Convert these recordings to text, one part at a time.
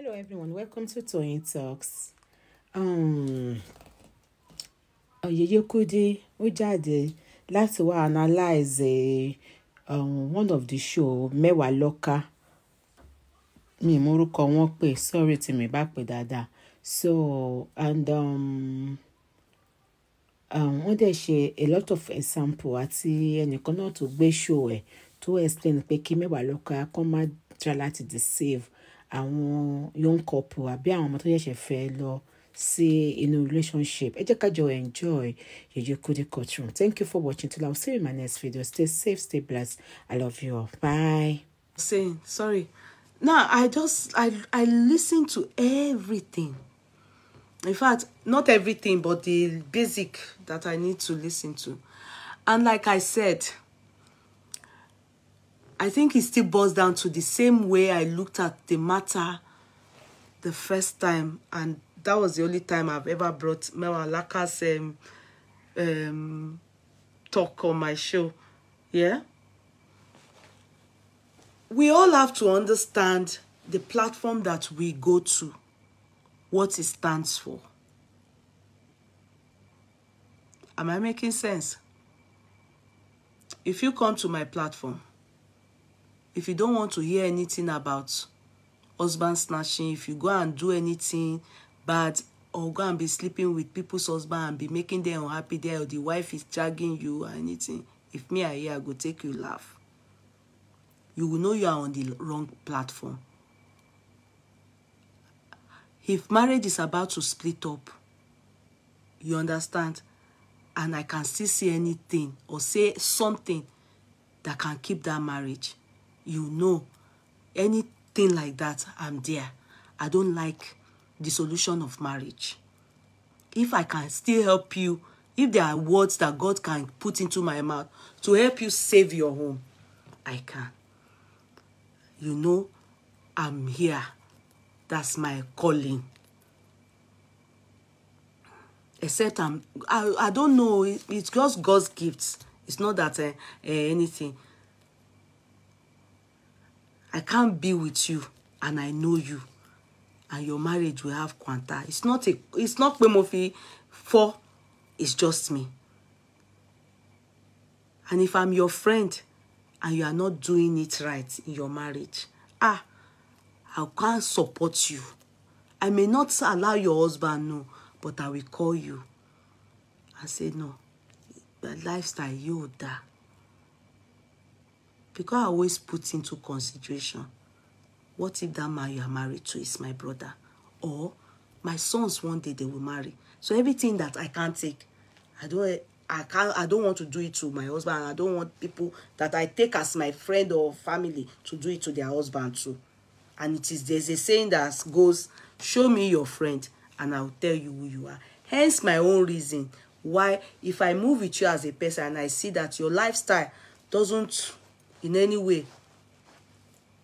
Hello everyone, welcome to Toyeen Talks. Um, Oyeyekunde ó jáde láti wá analyze um, one of the show Mẹ́wàá Lọ́kà. Mi mú orúkọ wọn pè sorry tí mi bá pè dáadáa. So and um, um, wọ́n dẹ̀ ṣe a lot of example àti ẹnìkan náà tó gbé show ẹ̀ tó explain pé kí Mẹ́wàá Lọ́kà kó má try láti deceive àwọn young couple àbí àwọn ọmọ tó ṣẹ̀ṣẹ̀ fẹ́ lọ sí inú relationship ẹ jẹ́ ká jọ enjoy Yèyé Kudi culture thank you for watching till i will see you in my next video stay safe stay blessed i love you all bye. saying sorry now i just i i listen to everything in fact not everything but the basic that i need to listen to and like i said I think it still boils down to the same way I looked at the matter the first time, and that was the only time I've ever brought Mewa Laka's um, um, talk on my show. Yeah? We all have to understand the platform that we go to, what it stands for. Am I making sense? If you come to my platform, if you don't want to hear anything about husband snatching, if you go and do anything bad or go and be sleeping with people's husband and be making them unhappy there or the wife is dragging you or anything, if me I hear, I go take you laugh. You will know you are on the wrong platform. If marriage is about to split up, you understand, and I can still see anything or say something that can keep that marriage, you know anything like that i'm there i don't like dissolution of marriage if i can still help you if there are words that god can put into my mouth to help you save your home i can you know i'm here that's my calling except i'm i, I don't know it, it's just god's gifts it's not that uh, uh, anything I can't be with you and I know you and your marriage will have quanta. It's not a it's not pé mo for it's just me. And if I'm your friend and you are not doing it right in your marriage, ah, I can't support you. I may not allow your husband no, but I will call you and say no. The lifestyle you da because I always put into consideration what if that man you are married to is my brother or my sons one day they will marry so everything that I can't take I don't I can't I don't want to do it to my husband I don't want people that I take as my friend or family to do it to their husband too and it is there's a saying that goes show me your friend and I'll tell you who you are hence my own reason why if I move with you as a person and I see that your lifestyle doesn't in any way,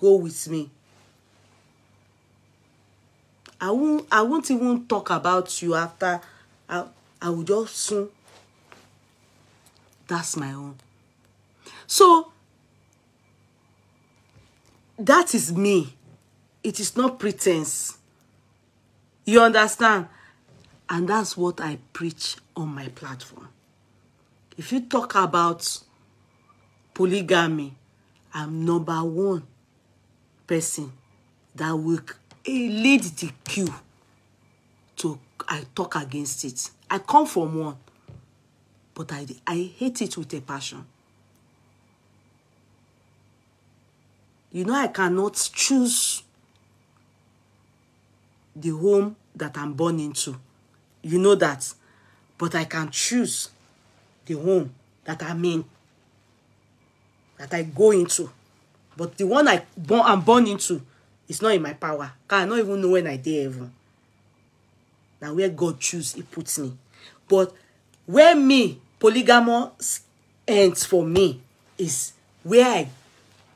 go with me. I won't, I won't even talk about you after. I, I will just soon. That's my own. So, that is me. It is not pretense. You understand? And that's what I preach on my platform. If you talk about polygamy, I'm number one person that will eh, lead the queue to I talk against it. I come from one, but I, I hate it with a passion. You know, I cannot choose the home that I'm born into. You know that. But I can choose the home that I'm in that I go into. But the one I born, I'm born into is not in my power. I don't even know when I did even. Now where God choose, he puts me. But where me, polygamos ends for me is where I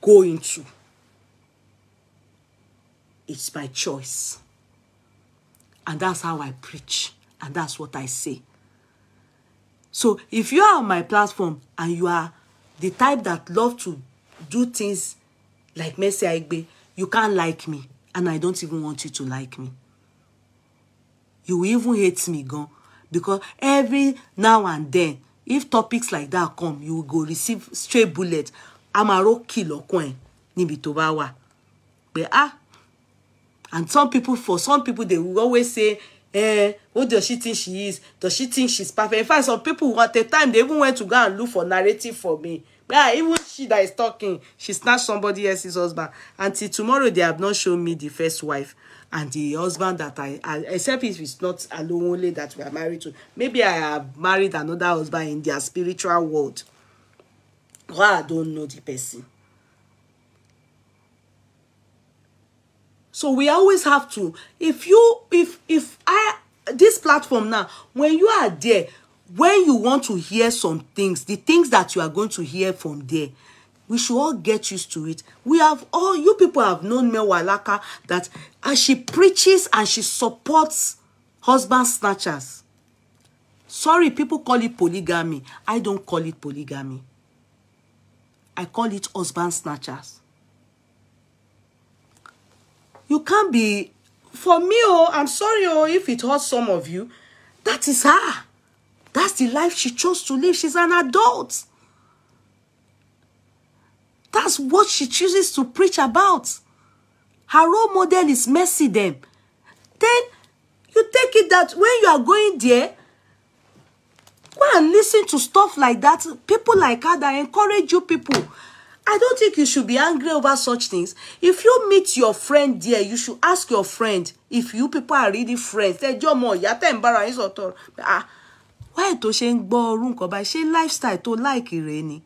go into. It's my choice. And that's how I preach. And that's what I say. So if you are on my platform and you are the type that love to do things like Mercy Aigbe, you can't like me, and I don't even want you to like me. You even hate me, gone. Because every now and then, if topics like that come, you will go receive straight bullet. Amaro kill okwen, níbi tó bá wà. But ah, and some people, for some people, they will always say, eh, who does she think she is? Does she think she's perfect? In fact, some people at the time, they even went to go and look for narrative for me. Yeah, even she that is talking, she snatched somebody else's husband. Until tomorrow, they have not shown me the first wife and the husband that I, I except if it's not alone only that we are married to. Maybe I have married another husband in their spiritual world. Well, I don't know the person. so we always have to if you if if i this platform now when you are there when you want to hear some things the things that you are going to hear from there we should all get used to it we have all you people have known Walaka that as she preaches and she supports husband snatchers sorry people call it polygamy i don't call it polygamy i call it husband snatchers You can't be, for me, oh, I'm sorry, oh, if it hurts some of you, that is her. That's the life she chose to live. She's an adult. That's what she chooses to preach about. Her role model is Mercy them. Then you take it that when you are going there, go and listen to stuff like that. People like her that encourage you people I don't think you should be angry over such things. If you meet your friend there, you should ask your friend. If you people are really friends, tẹ́ jọ mọ̀ ìyá tẹ́ ń bára yín Ah, why to ṣe ń gbọ́ orú nǹkan lifestyle to like rẹ̀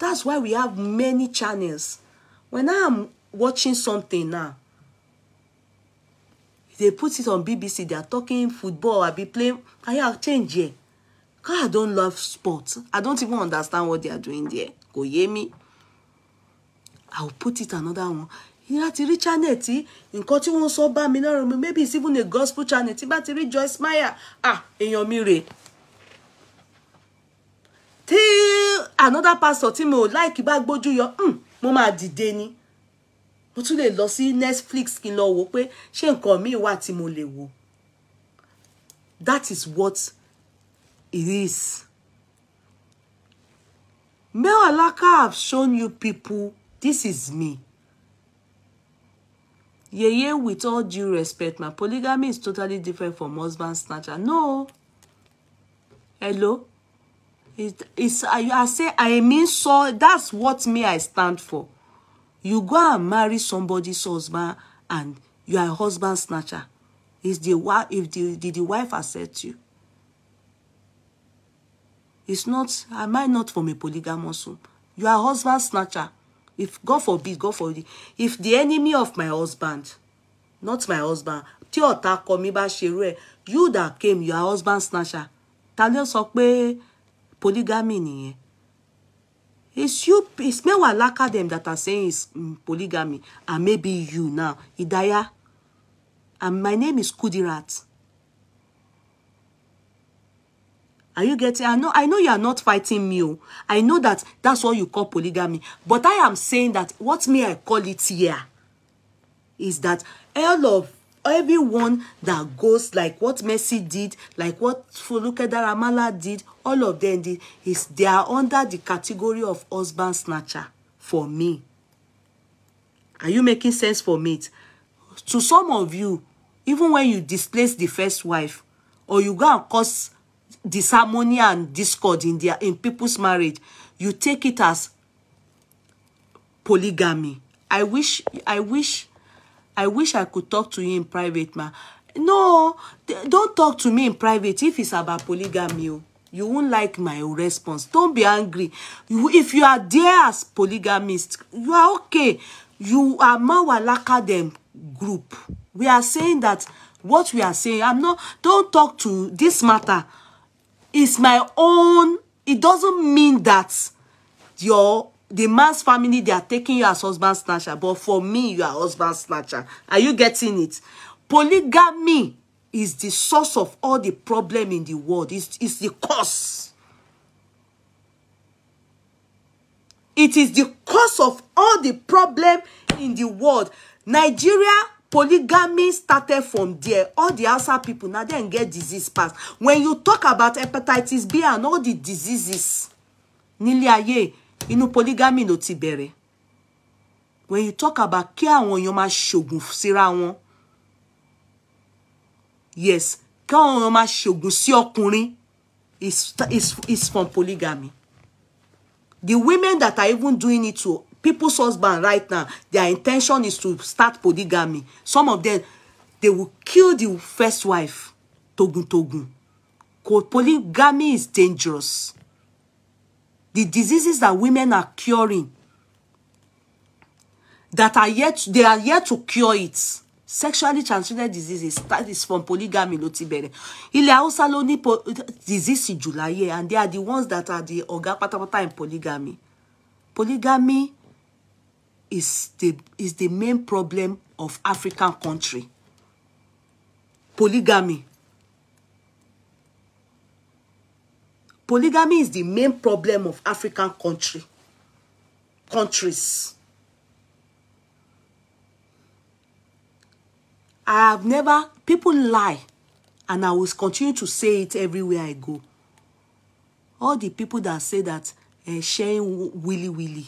That's why we have many channels. When I'm watching something now, they put it on BBC, they are talking football, I be playing, I have change here. God, I don't love sports. I don't even understand what they are doing there kò yé mi i will put it another one ìyá ti rí channel tí nǹkan tí wọ́n sọ bá mi lọ́rùn mi maybe it's even a gospel channel tí bá ti rí Joyce Meyer ah èèyàn mi rèé tí another pastor tí mo láìkí bá gbójú yọ hmm, mo máa dìde ni mo tún lè lọ sí Netflix kí n lọ wò pé ṣé nǹkan míì wà tí mo lè wò that is what it is. Male Alaka have shown you people, this is me. yeah, yeah, with all due respect, my polygamy is totally different from husband snatcher. No. Hello? It, it's, I, I say, I mean, so that's what me I stand for. You go and marry somebody's husband and you are a husband snatcher. Is the, if the, did the wife accept you? It's not, am I not from a polygamous home? You are husband snatcher. If God forbid, God forbid, if the enemy of my husband, not my husband, tí ọ̀tá kọ mi bá ṣerú ẹ̀, you that came, you are husband snatcher. Ta ló polygamy nìyẹn? It's you, it's me mẹ́wàá lákà them that are saying it's mm, polygamy and maybe you now. Idaya, and my name is Kudirat. Are you getting? I know, I know you are not fighting me. Oh. I know that that's what you call polygamy. But I am saying that what may I call it here is that all of everyone that goes like what Messi did, like what Fuluke Daramala did, all of them did, is they are under the category of husband snatcher for me. Are you making sense for me? To some of you, even when you displace the first wife, or you go and cause disharmony and discord in their in people's marriage you take it as polygamy i wish i wish i wish i could talk to you in private ma no don't talk to me in private if it's about polygamy o oh. you won't like my response don't be angry you, if you are there as polygamist you are okay you are mawalaka them group we are saying that what we are saying i'm not don't talk to this matter is my own it doesn't mean that your the man's family they are taking you as husband snatcher but for me you are husband snatcher are you getting it polygamy is the source of all the problem in the world it's, it's the cause it is the cause of all the problem in the world nigeria polygamy started from there all the hausa people now they get disease pass when you talk about hepatitis b and all the diseases nílé ayé inú polygamy no tibere. when you talk about kí àwọn èèyàn máa ṣògùn síra wọn yes kí àwọn èèyàn máa ṣògùn is is is from polygamy the women that are even doing it to people's husband right now, their intention is to start polygamy. Some of them, they will kill the first wife. Togun togun. Polygamy is dangerous. The diseases that women are curing, that are yet, they are yet to cure it. Sexually transmitted diseases, that is from polygamy ló ti bẹ̀rẹ̀. Ilẹ̀ disease jù láyé and they are the ones that are the ọ̀gá pátápátá in polygamy. Polygamy is the, is the main problem of African country. Polygamy. Polygamy is the main problem of African country. Countries. I have never, people lie, and I will continue to say it everywhere I go. All the people that say that uh, sharing willy-willy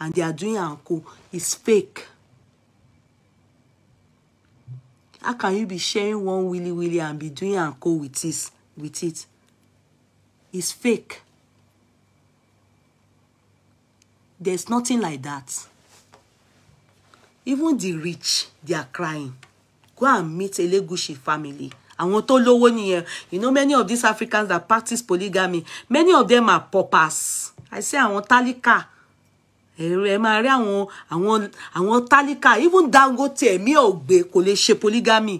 and they are doing anko is fake. How can you be sharing one willy willy and be doing anko with this with it? It's fake. There's nothing like that. Even the rich, they are crying. Go and meet a Legushi family. want to tó lówó nìyẹn you know many of these Africans that practice polygamy many of them are paupers i say I want àwọn car ẹ máa rí àwọn àwọn àwọn tálíkà even Dangote ẹ̀mí ọ̀gbẹ́ kò lè ṣe polygamy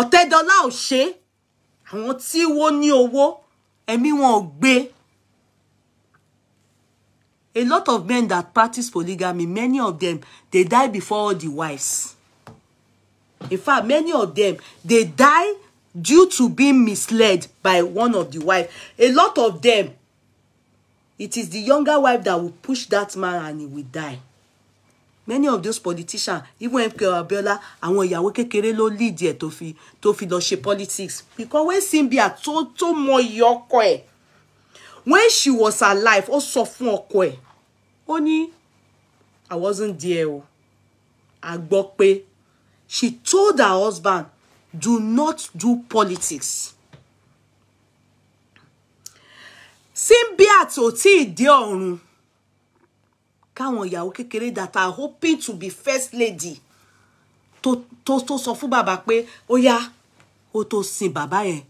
ọ̀tẹ́dọ́lá ò ṣe àwọn tí wọ́n ní owó ẹ̀mí wọn ò gbé a lot of men that practice polygamy many of them they die before all the wives in fact many of them they die due to being misled by one of the wives a lot of them It is the younger wife that will push that man and he will die. Many of those politicians, even MK Abiola, àwọn ìyàwó kékeré ló lead ẹ̀ tó fi tó fi lọ ṣe politics. Because when Cynthia tó tó mọ iye ọkọ ẹ̀, when she was alive, ó sọ fún ọkọ ẹ̀, ó ní I wasn't there o. A gbọ́ pé she told her husband, do not do politics. Simbiat ò tí ì dé ọ̀run káwọn ìyàwó kékeré that are hoping to be first lady tó tó tó sọ fún bàbá pé ó yá ó tó sin bàbá yẹn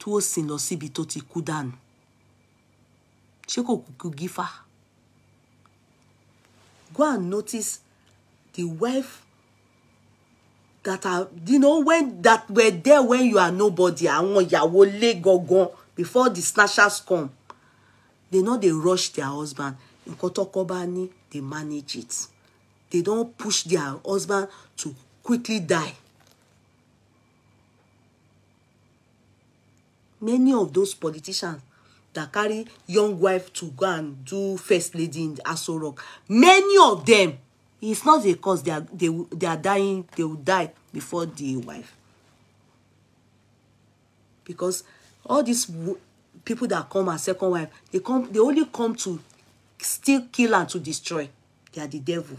tó ó sin lọ síbi tó ti kú dànù ṣé kò kúkú gífà go and notice the wife that are you know when that were there when you are nobody àwọn ìyàwó lé gangan before the snatchers come they know they rush their husband In tọ́kọ bá they manage it they don't push their husband to quickly die many of those politicians that carry young wife to go and do first lady in Aso Rock. Many of them, it's not because they are, they, they are dying, they will die before the wife. Because all these people that come as second wife they come they only come to steal, kill and to destroy they are the devil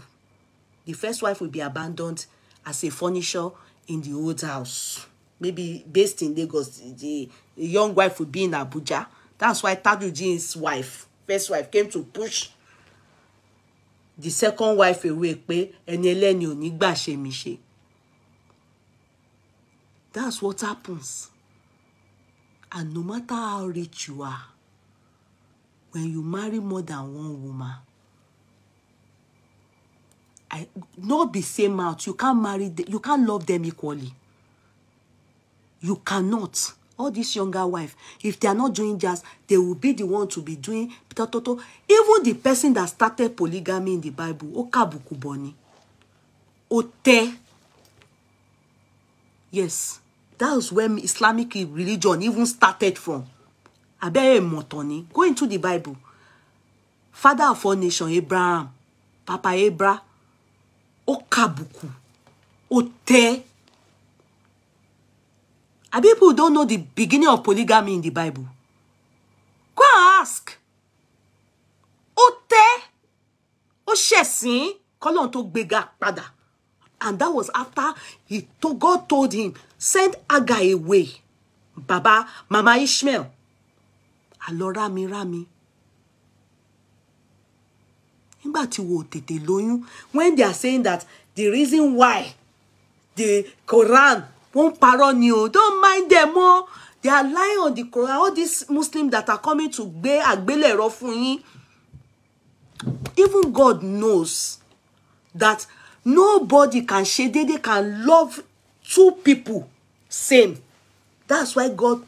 the first wife will be abandoned as a furniture in the old house maybe based in lagos the, the young wife will be in abuja that's why tajudeen's wife first wife came to push the second wife away pé ẹni ẹlẹ́ni ò ní that's what happens. And no matter how rich you are, when you marry more than one woman, I not be same out. You can't marry. Them, you can't love them equally. You cannot. All this younger wife, if they are not doing just, they will be the one to be doing. Even the person that started polygamy in the Bible, Okabukuboni, Ote. Yes that's where Islamic religion even started from abẹ́rẹ́ ìmọ̀tàn ni go into the Bible father of all nations Abraham papa Abraham Okabuku, Ote. ó tẹ́ and people don't know the beginning of polygamy in the Bible go and ask Ote, tẹ́ ó ṣẹ̀sìn kọ́lọ́n tó gbéga padà. And that was after he to, God told him, send Aga away. Baba, Mama Ishmael. Alora, rámi rámi. wo tètè lóyún, when they are saying that the reason why the Quran won't pardon you, don't mind them o. They are lying on the Quran. All these Muslims that are coming to gbé àgbélẹ̀rọ fún yín. Even God knows that nobody can ṣe They can love two people same that's why God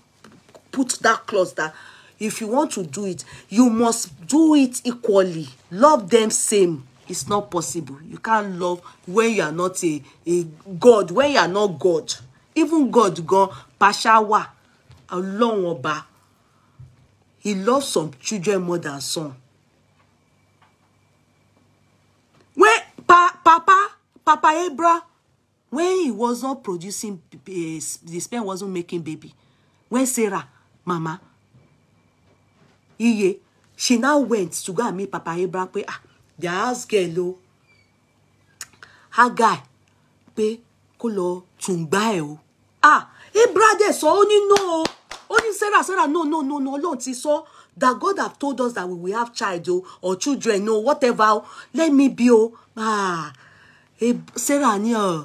put that clause that if you want to do it you must do it equally love them same it's not possible you can't love when you are not a a God when you are not God even God gan pashawa long oba. he loves some children more than some Papa Abra, when he was not producing, the eh, sperm wasn't making baby. When Sarah, Mama, Iye, she now went to go and meet Papa Abra. Pe, ah, the house girl, o, her guy, pé kó lọ tùǹgbà ẹ̀ Ah, Abra dẹ̀ sọ, ó no o. Ó Sarah, Sarah, no, no, no, no, Ọlọ́run ti sọ. That God have told us that we will have child o, or children, no, whatever. Let me be oh Ah, sarah ní ọ ah,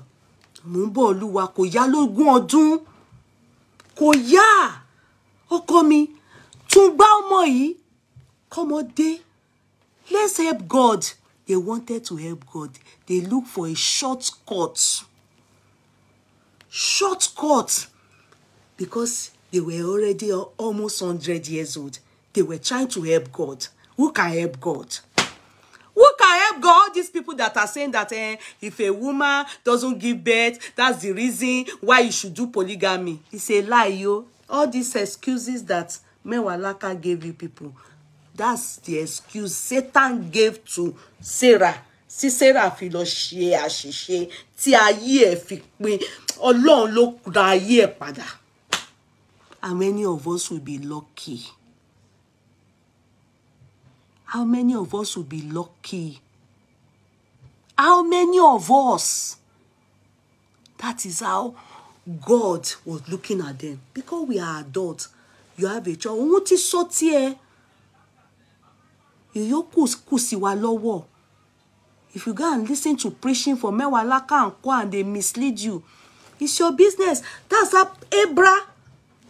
mò ń bọ̀ olúwa kò yá lógún ọdún kò yá ọkọ mi tún gbá ọmọ yìí kọ́mọ dé let's help god they wanted to help god they look for a short cut. Short cut, because they were already almost hundred years old they were trying to help god who can help god. Who can help God? All these people that are saying that eh, if a woman doesn't give birth, that's the reason why you should do polygamy. It's a lie, yo. All these excuses that Mewalaka gave you people, that's the excuse Satan gave to Sarah. Si sarah fi lọ ṣe àṣìṣe tí ayé ẹ fi pin ọlọ́run ló ra ayé ẹ padà and many of us will be lucky. How many of us will be lucky? How many of us? That is how God was looking at them. Because we are adults, you have a child. Ohun tí sọ tiẹ̀, you kù sí wa If you go and listen to preaching for mẹ́wàá and ǹkọ́ and they mislead you, it's your business. That's how Abra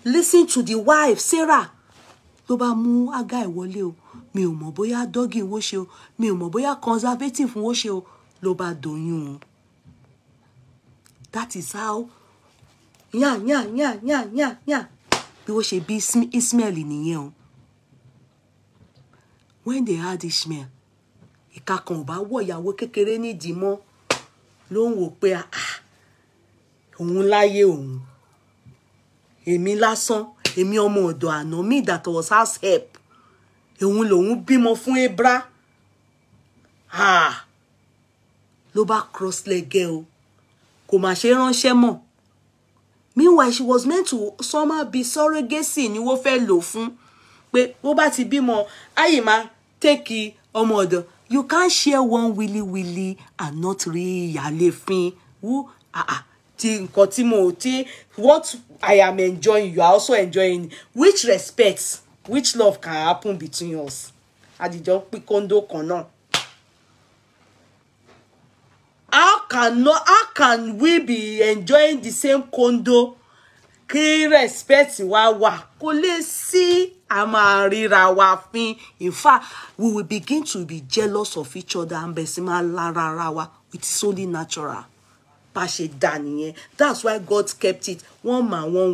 Listen to the wife, Sarah. Ló bá mú Agai wọlé mi ò mọ̀ bóyá dọ́gì wọ́n ṣe o mi ò mọ̀ bóyá conservative wọ́n ṣe o ló bá doyún o that is how yàn yàn yàn yàn yàn yàn bí wọ́n ṣe bí Ismail nìyẹn o when they had Ishmael ìka kan ò bá wọ ìyàwó kékeré nídìí mọ́ ló ń wò pé ah, òun láyé òun èmi lásán èmi ọmọ ọ̀dọ̀ àná mi that was house help òun lòun bímọ fún ebra ló bá cross lẹ́gẹ́ o kò mà ṣe ránṣẹ́ mọ́ meanwhile she was meant to somehow be surrogacy ni wọ́n fẹ́ lò fún pé bó bá ti bímọ ayé máa tẹ́kì ọmọ ọ̀dọ̀ you can't share one willy willy and not rí ìyáléfín wú àà ti nǹkan tí mo ti what i am enjoying you are also enjoying which respect which love can happen between us àdìjọ pín kóńdó kan náà how can no how can we be enjoying the same kóńdó kí respect wa wà kó lè sí a máa ríra wa fín in fact we will begin to be jealous of each other and bẹ̀sí máa lára ara wa it is only natural bá ṣe dà nìyẹn that's why God kept it one man one.